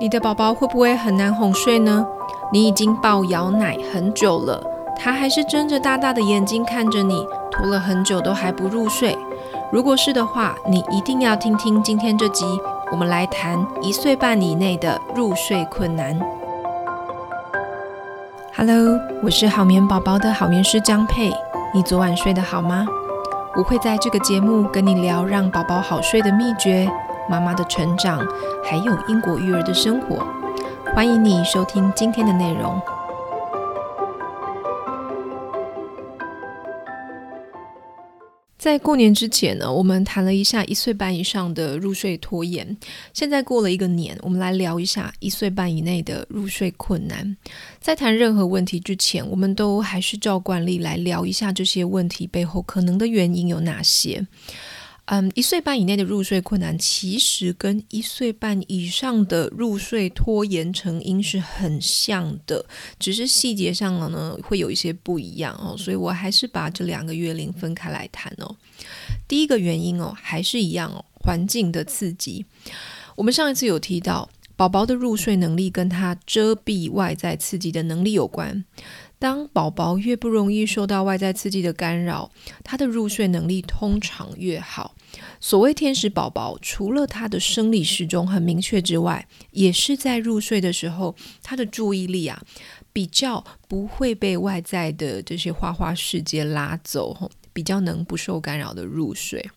你的寶寶會不會很難哄睡呢？你已經抱搖奶很久了，他還是睜着大大的眼睛看着你，拖了很久都還不入睡。如果是的話，你一定要聽聽今天這集，我們來談一歲半以內的入睡困難。Hello，我是好眠寶寶的好眠師江佩。你昨晚睡得好嗎？我會在這個節目跟你聊讓寶寶好睡的秘訣。媽媽的成長，還有英國育兒的生活，歡迎你收聽今天的內容。在過年之前呢，我們談了一下一歲半以上的入睡拖延。現在過了一個年，我們來聊一下一歲半以內的入睡困難。在談任何問題之前，我們都還是照慣例來聊一下這些問題背後可能的原因有哪些。嗯，一歲半以內的入睡困難，其實跟一歲半以上的入睡拖延成因是很像的，只是細節上了呢，會有一些不一樣哦。所以我還是把這兩個月齡分開來談哦。第一個原因哦，還是一樣哦，環境的刺激。我們上一次有提到，寶寶的入睡能力跟他遮蔽外在刺激的能力有關。當寶寶越不容易受到外在刺激的干擾，他的入睡能力通常越好。所謂天使寶寶，除了他的生理時鐘很明確之外，也是在入睡的時候，他的注意力啊比較不會被外在的這些花花世界拉走，吼，比較能不受干擾的入睡。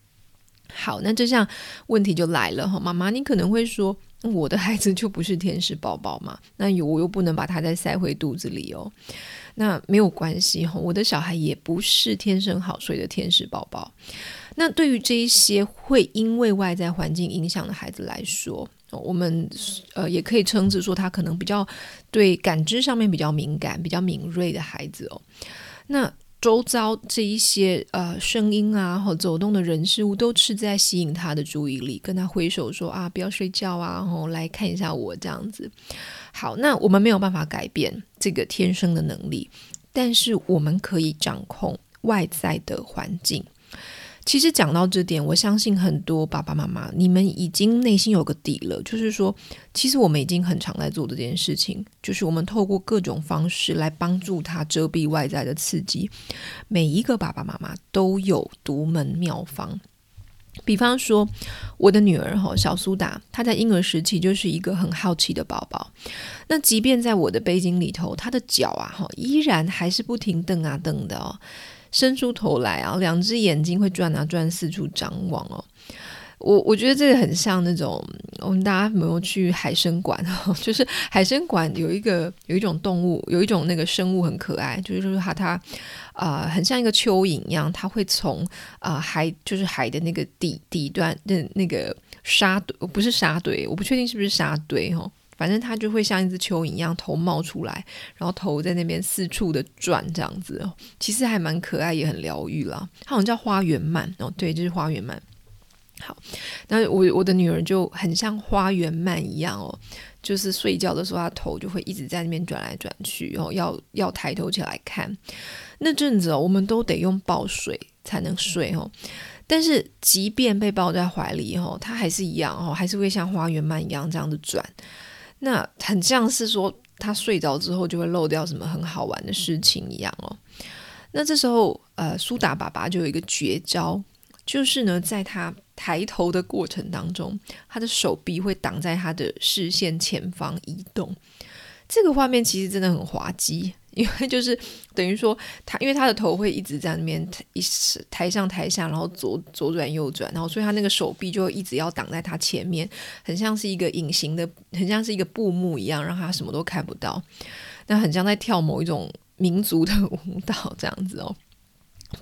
好，那這項問題就來了，吼，媽媽，你可能會說。我的孩子就不是天使寶寶嘛？那有我又不能把他再塞回肚子裡哦。那沒有關係哈，我的小孩也不是天生好睡的天使寶寶。那對於這一些會因為外在環境影響的孩子來說，我們呃也可以稱之說他可能比較對感知上面比較敏感，比較敏銳的孩子哦。那。周遭這一些呃聲音啊，或走動的人事物都是在吸引他的注意力，跟他揮手說，啊，不要睡覺啊，然後來看一下我這樣子。好，那我們沒有辦法改變這個天生的能力，但是我們可以掌控外在的環境。其實講到這點，我相信很多爸爸媽媽，你們已經內心有個底了，就是說，其實我們已經很常在做這件事情，就是我們透過各種方式來幫助他遮蔽外在的刺激。每一個爸爸媽媽都有獨門妙方，比方說，我的女兒哈小蘇打，她在嬰兒時期就是一個很好奇的寶寶。那即便在我的背景裡頭，她的腳啊哈，依然還是不停蹬啊蹬的哦。伸出頭來啊，兩隻眼睛會轉啊轉，四處張望哦。我我覺得這個很像那種，我們大家有沒有去海生館哦，就是海生館有一個有一種動物，有一種那個生物很可愛，就是說它它啊、呃，很像一個蚯蚓一樣，它會從啊、呃、海就是海的那個底底端的那個沙堆，不是沙堆，我不確定是不是沙堆哦。反正它就會像一隻蚯蚓一樣頭冒出來，然後頭在那邊四處的轉，這樣子其實還蠻可愛，也很療癒啦。它好像叫花園鰻哦，對，就是花園鰻。好，那我我的女兒就很像花園鰻一樣哦，就是睡覺的時候，她頭就會一直在那邊轉來轉去，然後，哦，要要抬頭起來看。那陣子哦，我們都得用抱睡才能睡哦，但是即便被抱在懷裡哦，它還是一樣哦，還是會像花園鰻一樣這樣子轉。那很像是說他睡着之後，就會漏掉什麼很好玩的事情一樣哦。那這時候，呃，蘇打爸爸就有一個絕招，就是呢，在他抬頭的過程當中，他的手臂會擋在他的視線前方移動。這個畫面其實真的很滑稽。因為就是等於說他，他因為他的頭會一直在那邊抬，一直抬上抬下，然後左左轉右轉，然後所以他那個手臂就一直要擋在他前面，很像是一個隱形的，很像是一個布幕一樣，讓他什麼都看不到。那很像在跳某一種民族的舞蹈這樣子哦。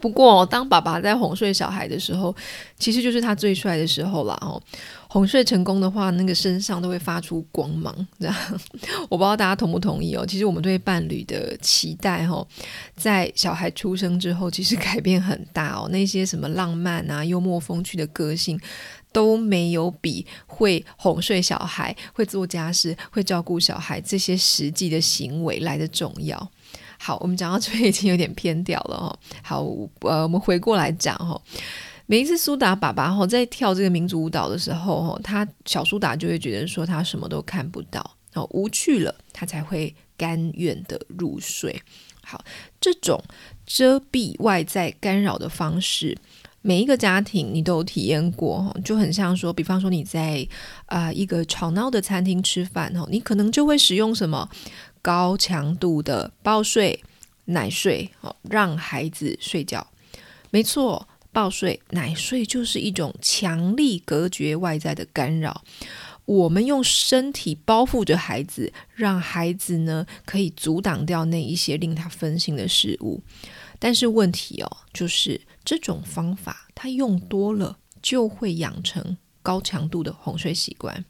不過，當爸爸在哄睡小孩的時候，其實就是他最帥的時候啦。哄睡成功的話，那個身上都會發出光芒這樣。我不知道大家同不同意哦。其實我們對伴侶的期待哦，吼，在小孩出生之後，其實改變很大哦。那些什麼浪漫啊、幽默風趣的個性，都沒有比會哄睡小孩、會做家事、會照顧小孩這些實際的行為來得重要。好，我們講到這邊已經有點偏掉了哈。好，呃，我們回過來講哈。每一次蘇打爸爸在跳這個民族舞蹈的時候哈，他小蘇打就會覺得說他什麼都看不到，然後無趣了，他才會甘願的入睡。好，這種遮蔽外在干擾的方式。每一個家庭你都有體驗過，就很像說，比方說你在啊、呃、一個吵鬧的餐廳吃飯哈，你可能就會使用什麼高強度的抱睡、奶睡哦，讓孩子睡覺。沒錯，抱睡、奶睡就是一種強力隔絕外在的干擾。我們用身體包覆着孩子，讓孩子呢可以阻擋掉那一些令他分心的事物。但是問題哦，就是。這種方法，它用多了就會養成高強度的哄睡習慣。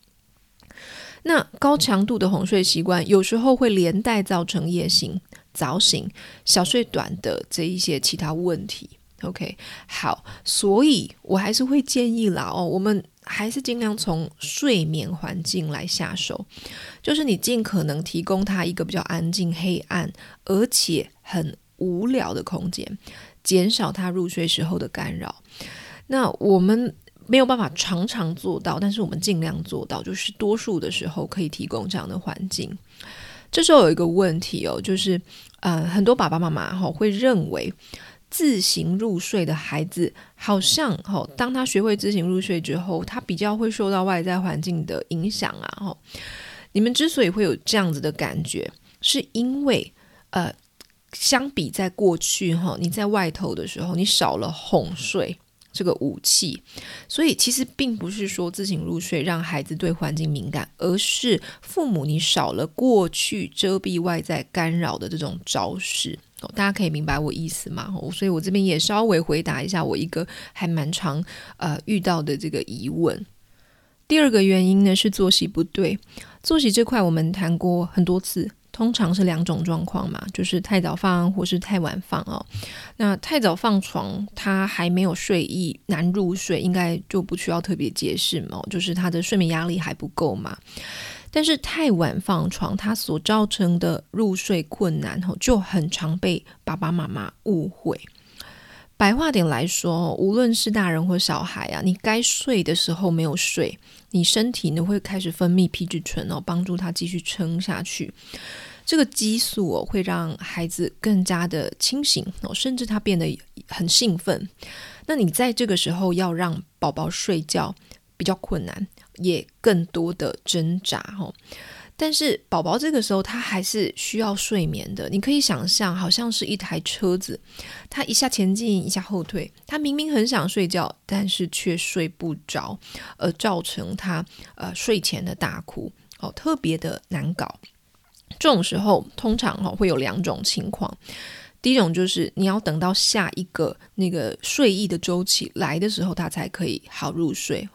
那高強度的哄睡習慣，有時候會連帶造成夜醒、早醒、小睡短的這一些其他問題。OK，好，所以我還是會建議啦哦，我們還是盡量從睡眠環境來下手，就是你盡可能提供他一個比較安靜、黑暗，而且很無聊的空間。減少他入睡時候的干擾，那我們沒有辦法常常做到，但是我們盡量做到，就是多數的時候可以提供這樣的環境。這時候有一個問題哦，就是呃，很多爸爸媽媽哈會認為自行入睡的孩子好像哈，當他學會自行入睡之後，他比較會受到外在環境的影響啊。哈，你們之所以會有這樣子的感覺，是因為呃，相比在過去，哈，你在外頭的時候，你少了哄睡這個武器，所以其實並不是說自行入睡讓孩子對環境敏感，而是父母你少了過去遮蔽外在干擾的這種招式，哦，大家可以明白我意思嗎？所以我這邊也稍微回答一下我一個還蠻常呃遇到的這個疑問。第二個原因呢是作息不對，作息這塊我們談過很多次。通常是兩種狀況嘛，就是太早放或是太晚放哦。那太早放床，他還沒有睡意，難入睡，應該就不需要特別解釋嘛，就是他的睡眠壓力還不夠嘛。但是太晚放床，他所造成的入睡困難，哦，就很常被爸爸媽媽誤會。白話點來說，無論是大人或小孩啊，你該睡的時候沒有睡，你身體呢會開始分泌皮質醇哦，幫助他繼續撐下去。這個激素哦，會讓孩子更加的清醒哦，甚至他變得很興奮。那你在這個時候要讓寶寶睡覺比較困難，也更多的掙扎哦。但是寶寶這個時候他還是需要睡眠的，你可以想象，好像是一台車子，他一下前進一下後退，他明明很想睡覺，但是卻睡不着，而造成他呃睡前的大哭哦，特別的難搞。這種時候通常，哦，會有兩種情況。第一種就是你要等到下一個那個睡意的週期來的時候，他才可以好入睡。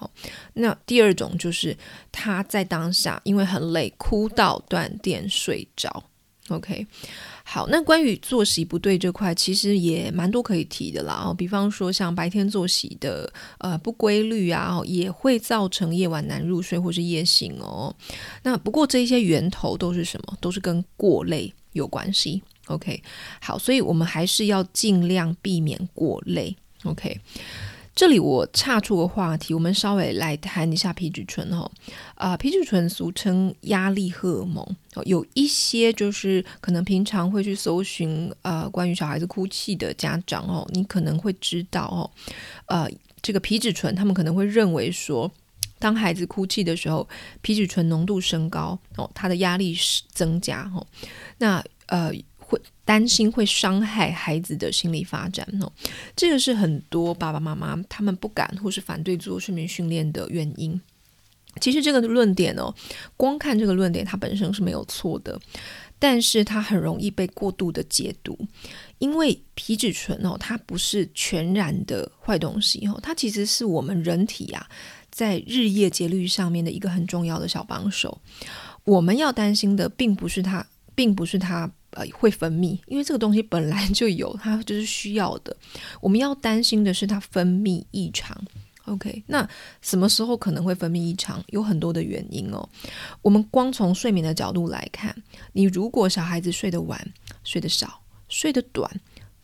那第二種就是他在當下因為很累，哭到斷電睡着。OK，好，那關於作息不對這塊，其實也蠻多可以提的啦。哦，比方說像白天作息的呃不規律啊，也會造成夜晚難入睡或是夜醒哦。那不過這些源頭都是什麼？都是跟過累有關係。OK，好，所以我們還是要盡量避免過累。OK，這裡我岔出個話題，我們稍微來談一下皮質醇哈。啊、呃，皮質醇俗稱壓力荷爾蒙、哦、有一些就是可能平常會去搜尋啊、呃，關於小孩子哭泣的家長哦，你可能會知道哦，呃，這個皮質醇，他們可能會認為說，當孩子哭泣的時候，皮質醇濃度升高哦，它的壓力增加哦，那呃。擔心會傷害孩子的心理發展哦，這個是很多爸爸媽媽他們不敢或是反對做睡眠訓練的原因。其實這個論點哦，光看這個論點，它本身是沒有錯的，但是它很容易被過度的解讀。因為皮質醇哦，它不是全然的壞東西哦，它其實是我們人體啊在日夜節律上面的一個很重要的小幫手。我們要擔心的並不是它，並不是它。呃，會分泌，因為這個東西本來就有，它就是需要的。我們要擔心的是它分泌異常。OK，那什麼時候可能會分泌異常？有很多的原因哦。我們光從睡眠的角度來看，你如果小孩子睡得晚，睡得少，睡得短，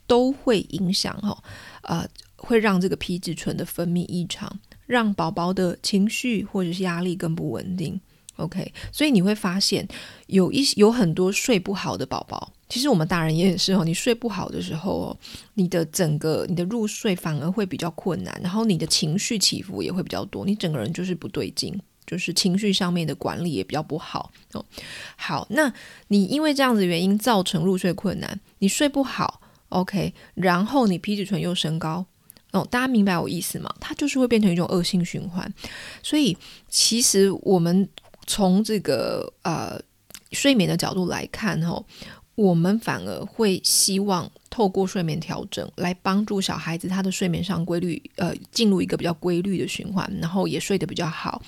都會影響哈，哦，呃，會讓這個皮質醇的分泌異常，讓寶寶的情緒或者是壓力更不穩定。OK，所以你會發現，有一有很多睡不好的寶寶，其實我們大人也是哦，你睡不好的時候哦，你的整個你的入睡反而會比較困難，然後你的情緒起伏也會比較多，你整個人就是不對勁，就是情緒上面的管理也比較不好哦。好，那你因為這樣子原因造成入睡困難，你睡不好，OK，然後你皮質醇又升高哦，大家明白我意思嗎？它就是會變成一種惡性循環，所以其實我們。從這個呃睡眠的角度來看吼、哦，我們反而會希望透過睡眠調整來幫助小孩子他的睡眠上規律，呃進入一個比較規律的循環，然後也睡得比較好，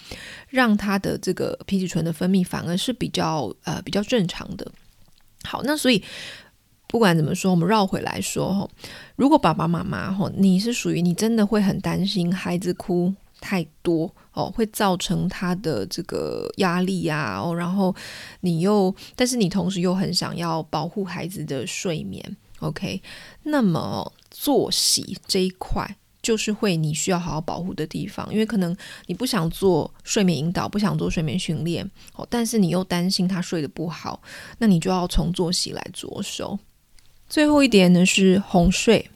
讓他的這個皮質醇的分泌反而是比較呃比較正常的。好，那所以不管怎麼說，我們繞回來說吼、哦，如果爸爸媽媽吼、哦、你是屬於你真的會很擔心孩子哭。太多哦，會造成他的這個壓力啊，哦，然後你又，但是你同時又很想要保護孩子的睡眠。OK，那麼作息這一塊就是會你需要好好保護的地方，因為可能你不想做睡眠引導，不想做睡眠訓練，哦，但是你又擔心他睡得不好，那你就要從作息來着手。最後一點呢是哄睡。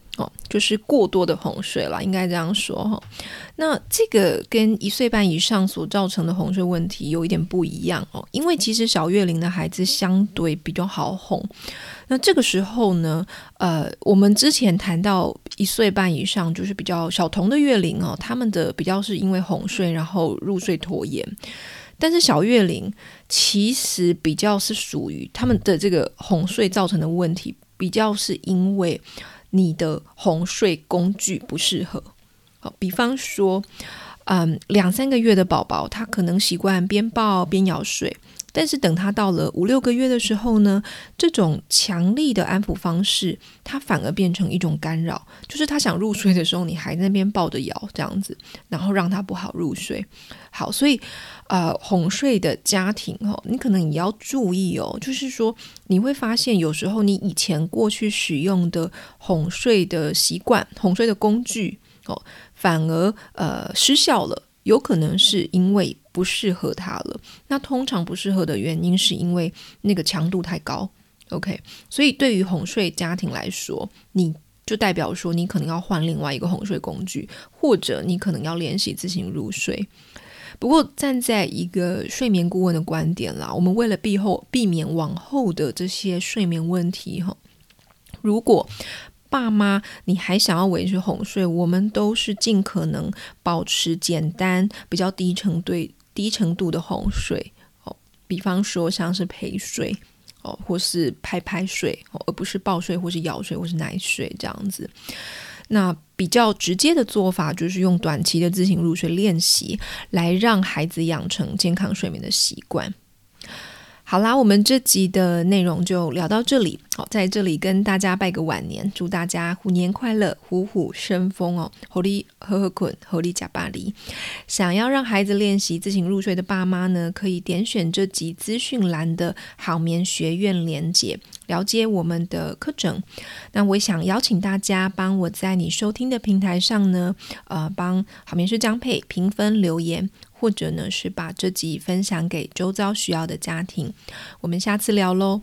就是過多的哄睡了，應該這樣說哈。那這個跟一歲半以上所造成的哄睡問題有一點不一樣哦，因為其實小月齡的孩子相對比較好哄。那這個時候呢，呃，我們之前談到一歲半以上，就是比較小童的月齡哦，他們的比較是因為哄睡然後入睡拖延，但是小月齡其實比較是屬於他們的這個哄睡造成的問題，比較是因為。你的哄睡工具不適合，好比方說，嗯，兩三個月的寶寶，他可能習慣邊抱邊搖睡。但是等他到了五六個月的時候呢，這種強力的安撫方式，它反而變成一種干擾，就是他想入睡的時候，你還在那邊抱着搖這樣子，然後讓他不好入睡。好，所以呃，哄睡的家庭哦，你可能也要注意哦，就是說你會發現有時候你以前過去使用的哄睡的習慣、哄睡的工具哦，反而呃失效了，有可能是因為。不適合他了。那通常不適合的原因是因為那個強度太高。OK，所以對於哄睡家庭來說，你就代表說你可能要換另外一個哄睡工具，或者你可能要練習自行入睡。不過站在一個睡眠顧問的觀點啦，我們為了避後避免往後的這些睡眠問題，哈，如果爸媽你還想要維持哄睡，我們都是盡可能保持簡單、比較低沉對。低程度的哄睡哦，比方說像是陪睡哦，或是拍拍睡哦，而不是抱睡，或是搖睡，或是奶睡這樣子。那比較直接的做法，就是用短期的自行入睡練習，來讓孩子養成健康睡眠的習慣。好啦，我們這集的內容就聊到這裡。好，在這裡跟大家拜個晚年，祝大家虎年快樂，虎虎生風哦！狐狸合合捆，狐狸加巴黎。想要讓孩子練習自行入睡的爸媽呢，可以點選這集資訊欄的好眠學苑連接，了解我們的課程。那我想邀請大家幫我在你收聽的平台上呢，呃，幫好眠師姜珮評分留言。或者呢，是把這集分享給周遭需要的家庭。我們下次聊嘍。